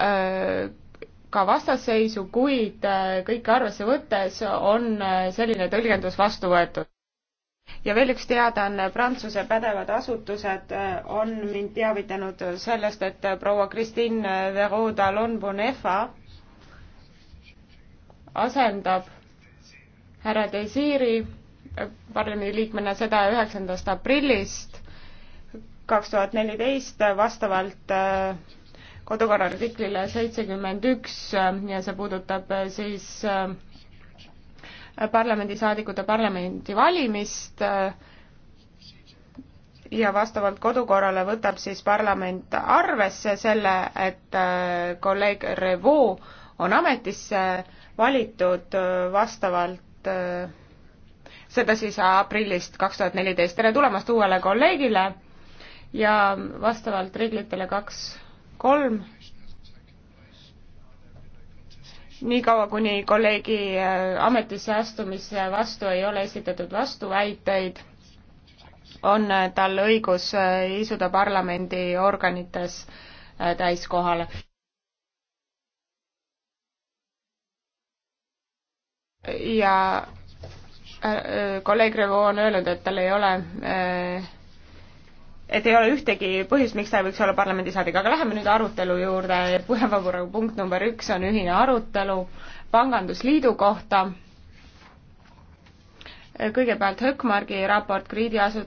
Äh, ka vastasseisu, kuid äh, kõike arvesse võttes on äh, selline tõlgendus vastu võetud. ja veel üks teadaanne, Prantsuse pädevad asutused on mind teavitanud sellest, et proua Christine Verou d'Alon-Bonefa asendab härra Desiri parlamendiliikmena seda üheksandast aprillist kaks tuhat neliteist vastavalt kodukorra artiklile seitsekümmend üks äh, ja see puudutab äh, siis äh, parlamendisaadikute parlamendi valimist ja vastavalt kodukorrale võtab siis parlament arvesse selle, et kolleeg Revoo on ametisse valitud vastavalt, seda siis aprillist kaks tuhat neliteist. tere tulemast uuele kolleegile ja vastavalt reeglitele kaks kolm niikaua, kuni kolleegi äh, ametisse astumise vastu ei ole esitatud vastuväiteid, on äh, tal õigus äh, istuda parlamendi organites täiskohale. ja kolleeg Revo on öelnud, et tal ei ole et ei ole ühtegi põhjust, miks ta ei võiks olla parlamendisaadik, aga läheme nüüd arutelu juurde, punkt number üks on ühine arutelu pangandusliidu kohta, kõigepealt Höökmargi raport krediidiasut-,